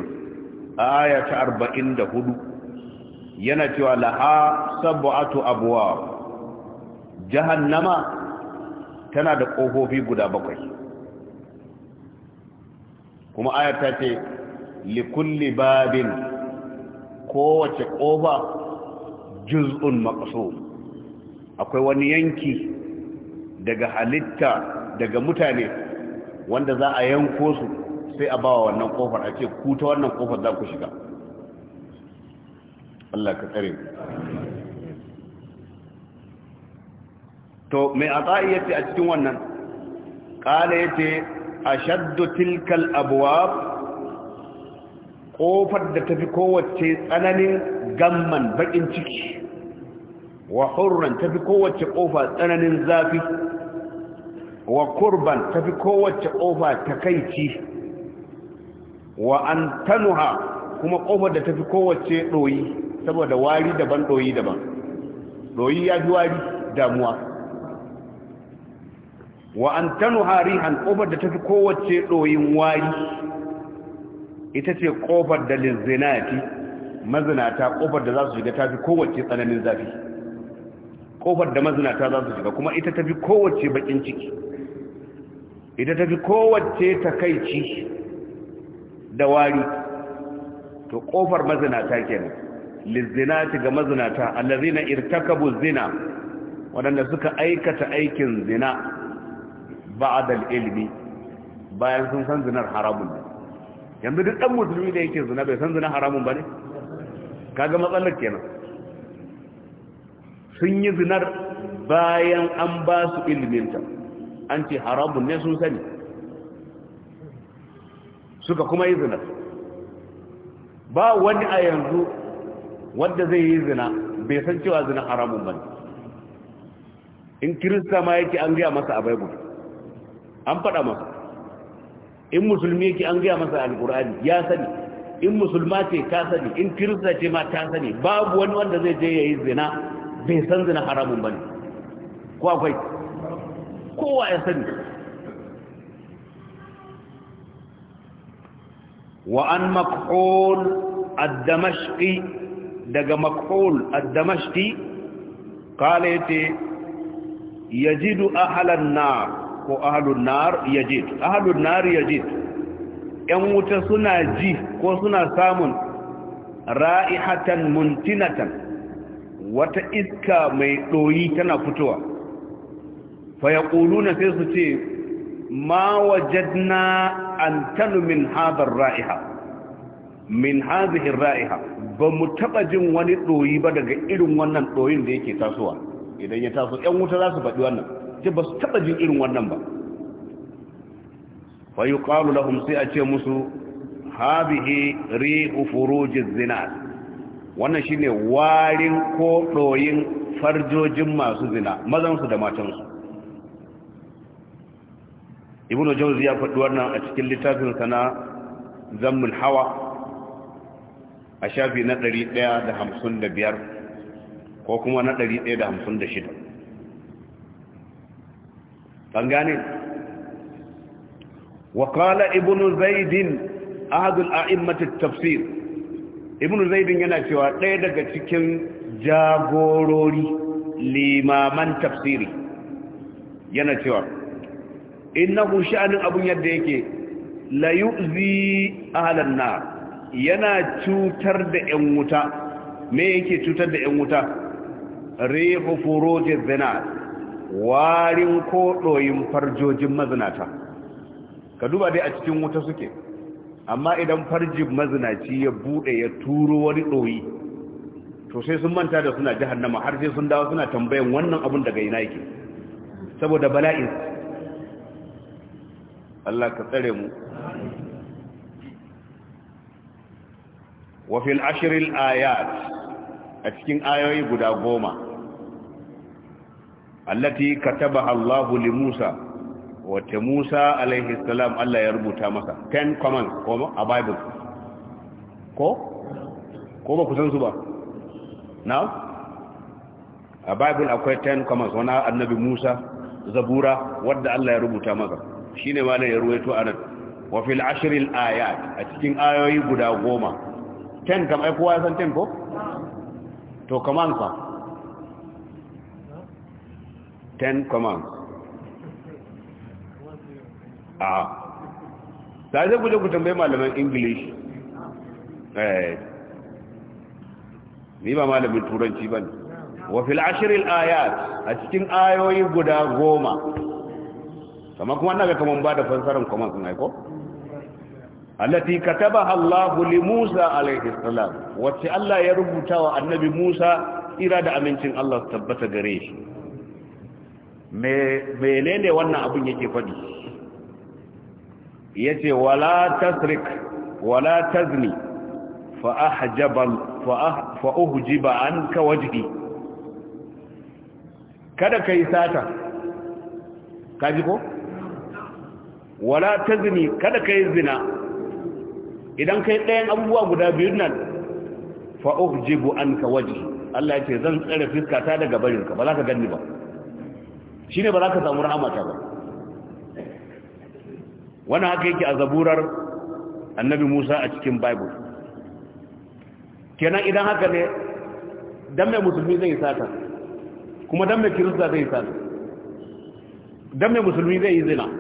aya ta 44 yana cewa laha sab'atu abwab jahannama tana da kofofi guda bakwai kuma aya ta ce likulli babin kowace kofa juz'un maqsum akwai wani yanki daga halitta daga mutane wanda za a yanko su sai a bawa wannan kofar a ce ku ta wannan kofar za ku shiga Allah ka tsare to mai atsa'i yace a cikin wannan kala yace ashaddu tilkal abwab kofar da tafi kowace tsananin gamman bakin ciki wa hurran tafi kowace kofa tsananin zafi wa kurban tafi kowace kofa takaici wa an tanuha kuma kofar da tafi kowace doyi saboda wari daban doyi daban doyi ya fi wari damuwa wa an tanuha rihan kofar da tafi kowace doyin wari ita ce kofar da lizinati mazinata kofar da za su shiga tafi kowace tsananin zafi kofar da mazinata za su shiga kuma ita tafi kowace bakin ciki ita tafi kowace takaici da wari to kofar mazinata kenan lizinati ga mazinata allazina irtakabu zina wadanda suka aikata aikin zina ba'dal ilmi bayan sun san zinar haramun yanzu duk dan musulmi da yake zina bai san zina haramun bane kaga matsalar kenan sun yi zinar bayan an ba su ilminta an ce haramun ne sun sani suka kuma yi zina ba wani a yanzu wanda zai yi zina bai san cewa zina haramun bane in kirista ma yake an gaya masa a bible an faɗa masa in musulmi yake an gaya masa alkur'ani ya sani in musulma ce ta sani in kirista ce ma ta sani babu wani wanda zai je ya yi zina bai san zina haramun bane ko akwai kowa ya sani Wa'an an makhul ad-damashqi daga makhul ad-damashqi kala yace yajidu ahlan ko ahlun nar yajid ahlun nar yajid yan wuta suna ji ko suna samun ra'ihatan muntinatan wata iska mai ɗoyi tana fitowa fa yaquluna sai su ce ma wajadna an tanu min hadar ra'iha min hadhihi ra'iha ba mu taba jin wani doyi ba daga irin wannan doyin da yake tasowa idan ya taso ƴan wuta za su faɗi wannan ce ba su taba jin irin wannan ba fa yuqalu lahum sai a ce musu hadhihi rihu furujiz zinat wannan shine warin ko doyin farjojin masu zina su da matansu ibnu jawzi ya faɗi wannan a cikin littafinsa na zammul hawa a shafi na 155 ko kuma na 156 an gane وقال ابن زيد أحد الأئمة tafsir. Ibnu زيد yana cewa ɗaya daga cikin jagorori limaman tafsiri yana cewa innahu sha'anin abun yadda yake la yu'zi ahlan nar yana cutar da ƴan wuta me yake cutar da ƴan wuta rihu furujiz zinat warin ko doyin farjojin mazinata ka duba dai a cikin wuta suke amma idan farjin mazinaci ya bude ya turo wani doyi to sai sun manta da suna jahannama har sai sun dawo suna tambayan wannan abun daga ina yake saboda bala'in Allah ka tsare mu Wafin ashirin ayat a cikin ayoyi guda goma allati kataba Allahu li Musa wata Musa alaihi salam Allah ya rubuta masa 10 commands ko a bible ko ko ba ku san su ba na a bible akwai 10 commands wani annabi Musa zabura wadda Allah ya rubuta masa ne ma da ya ruwaito anan wa fil ashril ayat a cikin ayoyi guda goma 10 kam ai ya san 10 ko to kaman fa 10 kaman a sai zai ku tambayi malaman english eh. ni ba malamin turanci ba ne. fil ashirin ayat a cikin ayoyi guda goma kamar kuma na ga kamar ba da fansarin kuma sun aiko allati katabaha Allah li Musa alaihi salam wacce Allah ya rubuta wa annabi Musa ira da amincin Allah su tabbata gare shi menene wannan abin yake faɗi yace wala tasrik wala tazni fa ahjaba fa ah, uhjiba anka wajhi kada kai sata kaji ko wala ta zini kada ka yi zina idan ka yi ɗayan abubuwa guda biyu nan fa'uf jibu an ka waje Allah ya ce zan tsere fiska ta daga barinka ba za ka gani ba shi ne ba za ka samu rahamata ba wani haka yake a zaburar annabi musa a cikin bible kenan idan haka ne dan mai musulmi zai sata kuma dan mai kirista zai sata dan mai musulmi zai yi zina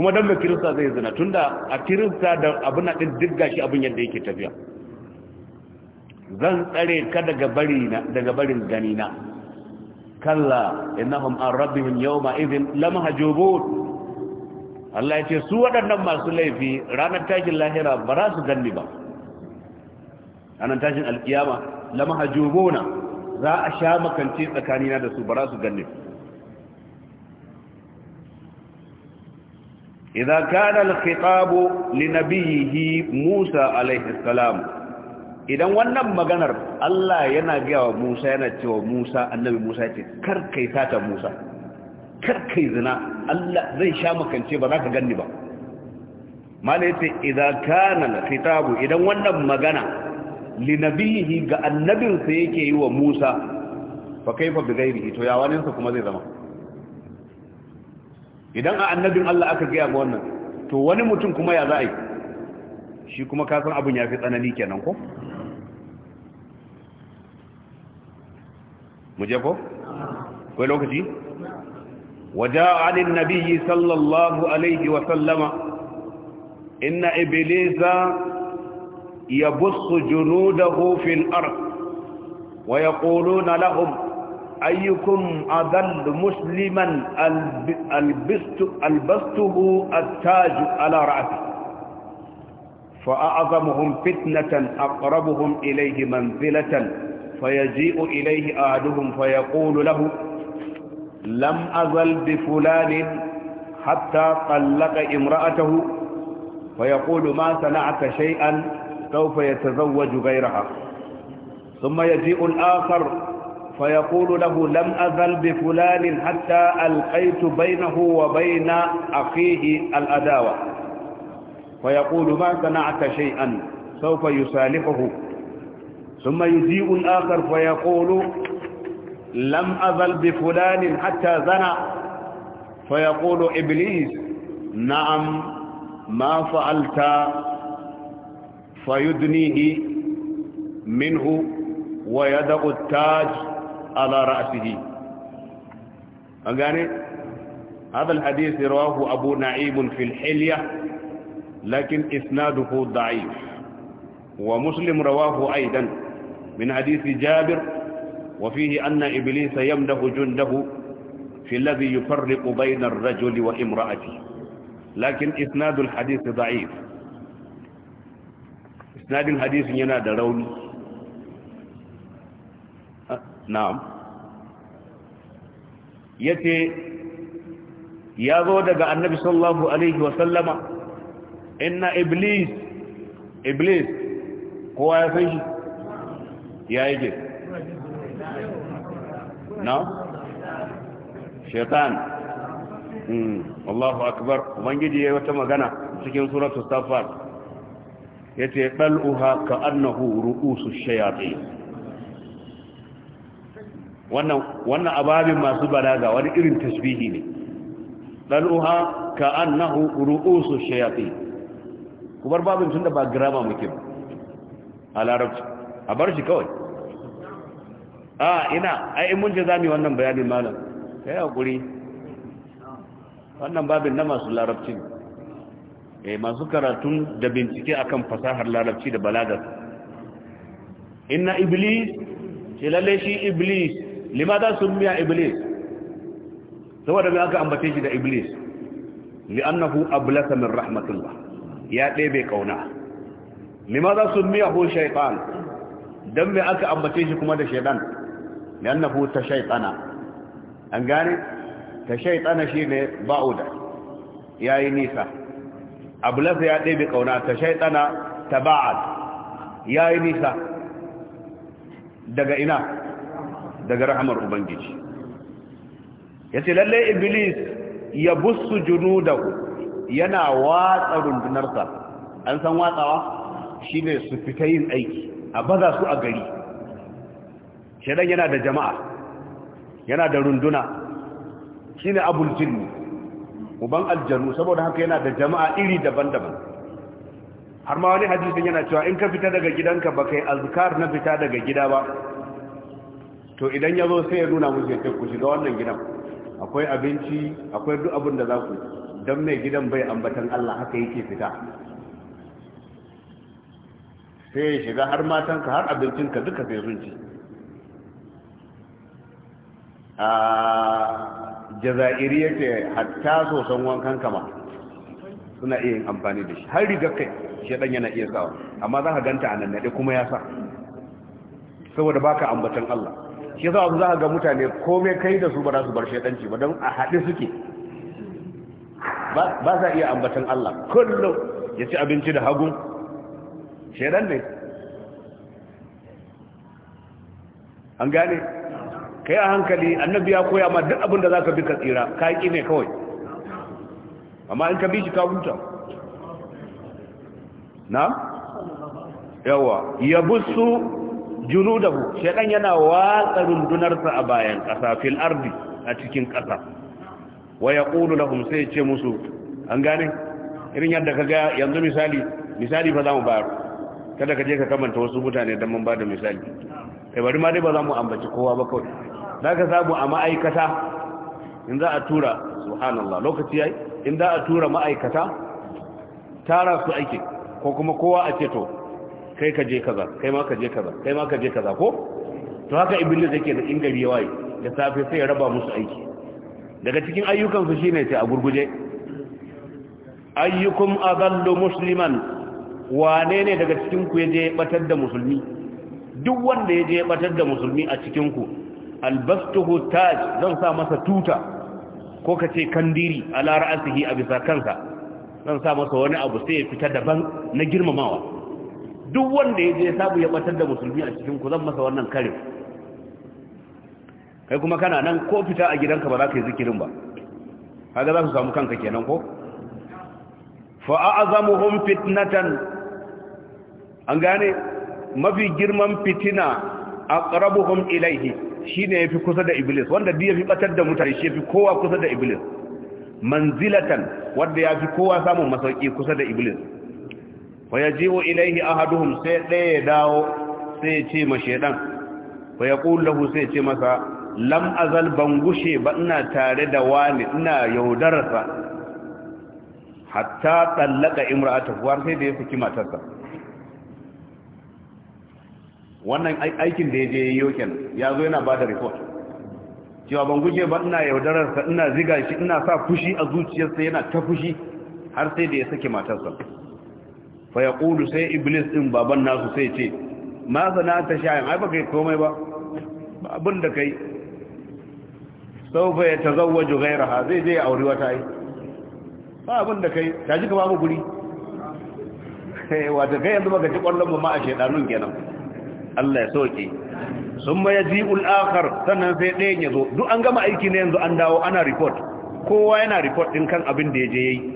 kuma dan mai kirista zai zina tunda a kirista da abin na din digga shi abin yadda yake tafiya zan tsare ka daga bari na daga barin gani na kalla innahum an rabbihim yawma idhin lamahjubun Allah ya ce su waɗannan masu laifi ranar tashin lahira ba za su ganni ba ranar tashin alkiyama hajubuna za a sha makance tsakanina da su ba za su ganni ba إذا كان الخطاب لنبيه موسى عليه السلام idan wannan maganar Allah yana gaya wa Musa yana cewa Musa annabi Musa yace kar kai sata Musa kar kai zina Allah zai sha makance ba za ka ganni ba mala yace idza kana al idan wannan magana li linabihi ga annabinsa yake yi wa Musa fa kaifa bi ghairihi to ya wani sa kuma zai zama idan a annabin Allah aka gaya ma wannan to wani mutum kuma ya za a yi shi kuma kasan abin ya fi tsanani kenan ko mu je ko kai lokaci waja وجاء عن النبي صلى الله عليه وسلم إن إبليس يبص جنوده في الأرض ويقولون lahum أيكم أذل مسلما ألبسته التاج على رأسه فأعظمهم فتنة أقربهم إليه منزلة فيجيء إليه أهدهم فيقول له لم أزل بفلان حتى طلق امرأته فيقول ما صنعت شيئا سوف يتزوج غيرها ثم يجيء الآخر فيقول له لم أزل بفلان حتى ألقيت بينه وبين أخيه الأداوة فيقول ما صنعت شيئا سوف يسالحه ثم يجيء الآخر فيقول لم أزل بفلان حتى زنى فيقول إبليس نعم ما فعلت فيدنيه منه ويدع التاج على رأسه an هذا الحديث رواه أبو نعيم في الحلية لكن إسناده ضعيف ومسلم رواه أيضا من حديث جابر وفيه أن إبليس يمده جنده في الذي يفرق بين الرجل وامرأته لكن إسناد الحديث ضعيف إسناد الحديث ينادى روني na'am yace ya zo daga annabi sallallahu alaihi wa sallama inna iblis iblis kowa ya san shi ya yi yake na shaitan hmm, Allahu akbar ubangiji yi wata magana cikin suratul safat yace bal uha ka annahu ru'usu shayatin wannan ababin masu balaga wani irin tasbihi ne daluha ka annahu ru'usu shayatin ku bar babin da ba girama muke ba a larabci a bar shi kawai a ina A ai mun je zami wannan bayanin malam kai hakuri wannan babin na masu larabci eh masu karatun da bincike akan fasahar larabci da balaga inna iblis shi lalle shi iblis limada miya iblis saboda me aka ambace shi da iblis li'annahu ablasa min rahmatillah ya ɗebe kauna limada miya hu shaytan dan me aka ambace shi kuma da shaytan li'annahu ta shaytana an gane ta shaytana shine ba'uda yayi nisa ablasa ya ɗebe kauna ta shaytana taba'ad yayi nisa daga ina daga rahamar ubangiji Ya ce lallai iblis ya busu junu da yana watsa rundunarsa an san watsawa shi ne su fita yin aiki a baza su a gari shedan yana da jama'a yana da runduna ne abul jinni uban aljanu saboda haka yana da jama'a iri daban-daban har ma wani hadisin yana cewa in ka fita daga gidanka ba kai azkar na fita daga gida ba to idan ya zo sai ya nuna musu ce ku shiga wannan gidan akwai abinci akwai duk abin da za ku don mai gidan bai ambatan Allah haka yake fita sai ya shiga har matanka har abincinka duka sai sun ci a jaza'iri yake hatta sosan wankan kama suna iya yin amfani da shi har riga kai shi dan yana iya sawa amma za ka ganta a nan naɗe kuma ya sa saboda baka ambatan Allah shi yasa wasu za ga mutane komai kai da su ba za su bar shaidanci ba don a haɗe suke ba za iya ambatan Allah kullum ya ci abinci da hagu shaidan ne an gane kai a hankali annabi ya koya ma duk abin da za ka bi ka tsira ka yi ne kawai amma in ka bi shi ka huta na yawa ya busu junudahu shaytan yana watsa rundunarsa a bayan ƙasa fil ardi a cikin ƙasa wa yaqulu lahum sai ce musu an gane irin yadda ka kaga yanzu misali misali ba za mu bayar kada ka je ka kamanta wasu mutane don mun bada misali eh bari ma dai ba za mu ambaci kowa ba kawai ka samu a ma'aikata in za a tura subhanallah lokaci yayi in za a tura ma'aikata tara su aiki ko kuma kowa a ce to kai ka je kaza kai ma ka je kaza kai ma ka je kaza ko to haka iblis yake da ingari yawai da safe sai ya raba musu aiki daga cikin ayyukan su shine sai a gurguje ayyukum adallu musliman wane ne daga cikin ku yaje batar da musulmi duk wanda yaje batar da musulmi a cikin ku albastuhu taj zan sa masa tuta ko kace kandiri ala ra'sihi a bisa kansa zan sa masa wani abu sai ya fita daban na girmamawa duk wanda ya je ya sabu ya batar da musulmi a cikin ku zan masa wannan kare kai kuma kana nan ko fita a gidanka ba za ka yi zikirin ba haka za su samu kanka kenan ko fa a'zamuhum fitnatan an gane mafi girman fitina aqrabuhum ne shine yafi kusa da iblis wanda duk yafi batar da mutane shi yafi kowa kusa da iblis manzilatan wanda yafi kowa samun masauki kusa da iblis fa wa ilaihi ahaduhum sai ɗaya ya dawo sai ya ce ma shedan fa yaqul lahu sai ya ce masa lam azal ban gushe ba ina tare da wani ina yaudararsa hatta tsallaka imra'atahu har sai da ya saki matarsa wannan aikin da ya je yi kenan ya zo yana ba da report cewa ban ba ina yaudararsa ina ziga shi ina sa fushi a zuciyarsa yana ta fushi har sai da ya sake matarsa fa ya ƙulu sai iblis ɗin baban nasu sai ce ma sana ta sha'in ai baka yi komai ba abin da kai sau ya ta zauwa jugaira ha zai je ya auri wata yi ba abin da kai ta ji ka babu guri wata kai yanzu baka ci ƙwallon ma a shaidanun kenan allah ya soke sun ma ya ji ul'akar sannan sai ɗayan ya zo duk an gama aiki na yanzu an dawo ana report kowa yana report ɗin kan abin da ya je ya yi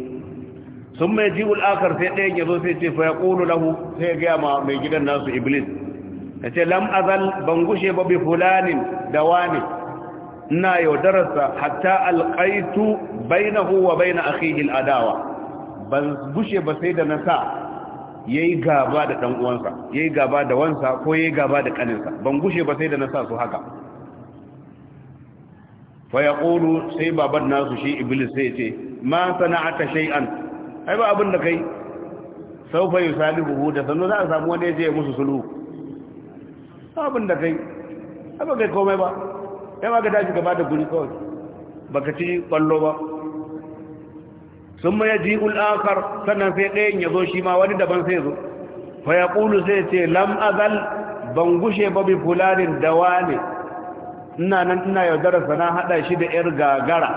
sun mai jiwul akar sai ɗaya ya zo sai ce fa ya ƙulu lahu sai ya gaya ma mai gidan nasu iblis ya ce lam azal ban gushe ba bi fulanin da wani ina yaudararsa hatta alƙaitu bainahu wa baina akhihil adawa ban gushe ba sai da na sa ya yi gaba da ɗan'uwansa, ya yi gaba da wansa ko ya yi gaba da ƙaninsa ban gushe ba sai da na sa su haka fa ya ƙulu sai baban nasu shi iblis sai ce ma sana'ata shay'an ai ba abin da kai sau fa yi salihu da sannu za a samu wanda ya ce musu sulhu abin da kai ai ba kai komai ba ya ba ka tashi gaba da guri kawai ba ka ci kwallo ba sun ma ya ji ul'akar sannan sai ɗayan ya zo shi ma wani daban sai zo fa ya ƙulu sai ce lam azal ban gushe ba bi fulanin dawa ne ina nan ina yaudararsa na haɗa shi da 'yar gagara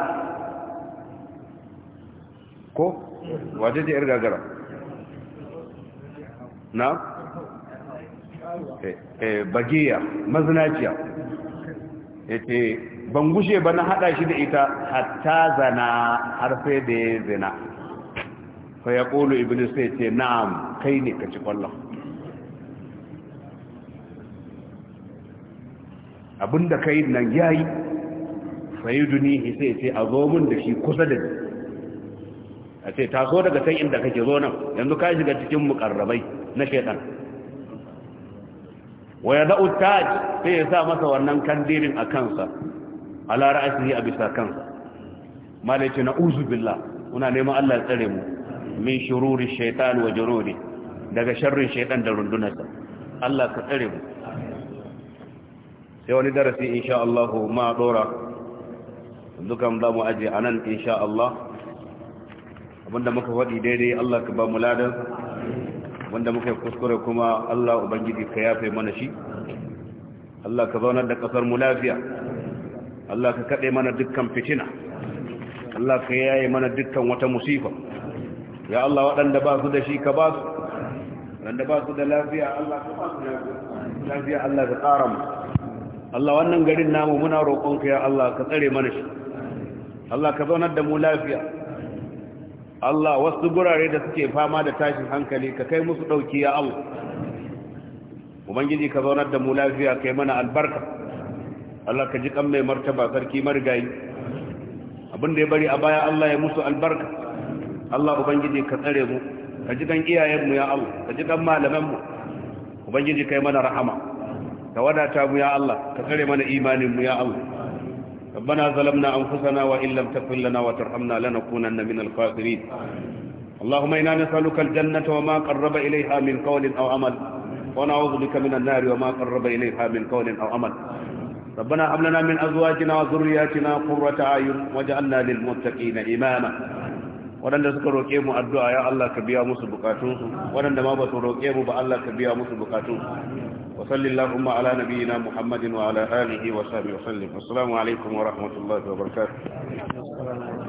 ko wace ce yar gagara na eh, eh, bagiya mazinaciya ya ce ban gushe ba na haɗa shi da ita hatta zana har sai da ya zina fa ya kolo iblis sai ce na'am kai ne ka ci kwallon abinda kai nan yayi sayidunihi sai ce a zo mun da shi kusa da ni a ce taso daga kan inda kake zo nan yanzu ka shiga cikin mukarrabai na shaitan wa ya da'u taj sai ya sa masa wannan kandirin a kansa ala ra'asihi a bisa kansa malaiti na uzu billah muna neman Allah ya tsare mu min shururi shaitan wa jururi daga sharrin shaitan da rundunarsa Allah ka tsare mu sai wani darasi insha Allah ma dora dukan za mu aje anan insha Allah abinda muka faɗi daidai Allah ka ba mu ladan wanda muka kuskure kuma Allah ubangiji ka yafe mana shi Allah ka zaunar da kasar mu lafiya Allah ka kade mana dukkan fitina Allah ka yaye mana dukkan wata musifa ya Allah waɗanda ba su da shi ka ba su waɗanda ba su da lafiya Allah ka ba su lafiya Allah ka tsara mu Allah wannan garin namu muna roƙonka ya Allah ka tsare mana shi Allah ka zaunar da mu lafiya Allah wasu gurare da suke fama da tashin hankali ka kai musu ɗauki ya abu. ubangiji ka zaunar da mu lafiya kai mana albarka Allah ka ji kan mai martaba sarki marigayi abin da ya bari a baya Allah ya musu albarka Allah ubangiji ka tsare mu ka ji kan iyayenmu ya abu, ka ji kan malamanmu ubangiji kai mana rahama ka wadata mu ya Allah ka tsare mana imaninmu ya Allah ربنا ظلمنا أنفسنا وإن لم تغفر لنا وترحمنا لنكونن من الخاسرين اللهم إنا نسألك الجنة وما قرب إليها من قول أو عمل ونعوذ بك من النار وما قرب إليها من قول أو عمل ربنا هب لنا من أزواجنا وذرياتنا قرة أعين واجعلنا للمتقين إماما waɗanda suka roƙe mu addu'a ya Allah ka biya musu bukatunsu waɗanda ma ba su roƙe mu ba Allah ka biya musu bukatunsu وصل اللهم على نبينا محمد وعلى آله وصحبه وسلم والسلام عليكم ورحمة الله وبركاته